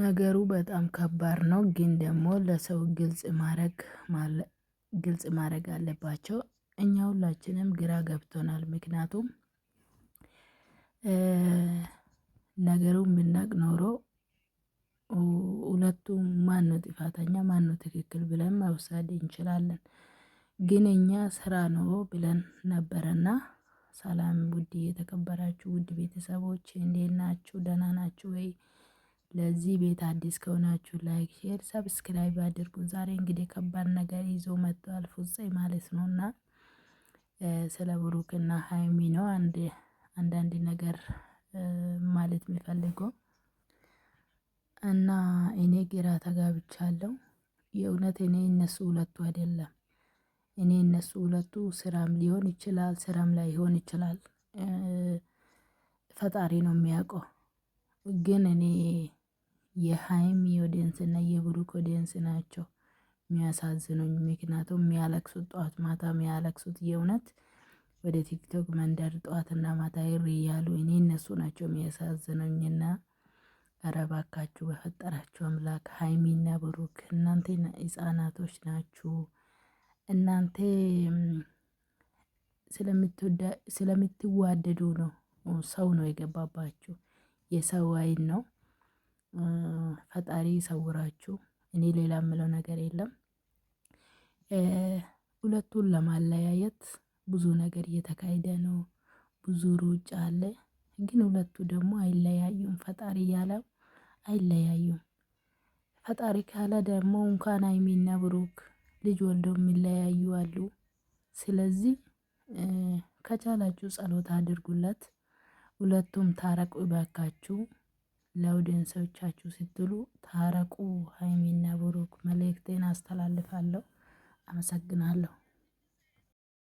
ነገሩ በጣም ከባድ ነው፣ ግን ደግሞ ለሰው ግልጽ ማድረግ አለባቸው። እኛ ሁላችንም ግራ ገብቶናል። ምክንያቱም ነገሩን ብናቅ ኖሮ ሁለቱ ማነው ጥፋተኛ ማነው ትክክል ብለን መውሰድ እንችላለን። ግን እኛ ስራ ነው ብለን ነበረና። ሰላም ውድ የተከበራችሁ ውድ ቤተሰቦች እንዴት ናችሁ? ደህና ናችሁ ወይ? ለዚህ ቤት አዲስ ከሆናችሁ ላይክ፣ ሼር፣ ሰብስክራይብ አድርጉ። ዛሬ እንግዲህ ከባድ ነገር ይዞ መጥቷል ፍፄ ማለት ነው እና ስለ ብሩክና ሀይሚ ነው አንዳንድ ነገር ማለት የሚፈልገው እና እኔ ግራ ተጋብቻለሁ። የእውነት እኔ እነሱ ሁለቱ አይደለም እኔ እነሱ ሁለቱ ስራም ሊሆን ይችላል፣ ስራም ላይ ሊሆን ይችላል። ፈጣሪ ነው የሚያውቀው ግን እኔ የሀይሚ ኦዲየንስ እና የብሩክ ኦዲየንስ ናቸው የሚያሳዝኑኝ። ምክንያቱም የሚያለቅሱት ጠዋት ማታ የሚያለቅሱት የእውነት ወደ ቲክቶክ መንደር ጠዋትና ማታ ይር እያሉ እኔ እነሱ ናቸው የሚያሳዝኑኝና ረባካችሁ በፈጠራችሁ አምላክ ሀይሚና ብሩክ እናንተ ህጻናቶች ናችሁ። እናንተ ስለምትዋደዱ ነው ሰው ነው የገባባችሁ የሰው አይን ነው ፈጣሪ ይሰውራችሁ። እኔ ሌላ የምለው ነገር የለም። ሁለቱን ለማለያየት ብዙ ነገር እየተካሄደ ነው። ብዙ ሩጫ አለ። ግን ሁለቱ ደግሞ አይለያዩም። ፈጣሪ ያለው አይለያዩም። ፈጣሪ ካለ ደግሞ እንኳን ሀይሚና ብሩክ ልጅ ወልደው የሚለያዩ አሉ። ስለዚህ ከቻላችሁ ጸሎት አድርጉለት። ሁለቱም ታረቁ ይባካችሁ። ለአውዲየንሶቻችሁ ስትሉ ታረቁ። ሀይሚና ብሩክ መልእክቴን አስተላልፋለሁ። አመሰግናለሁ።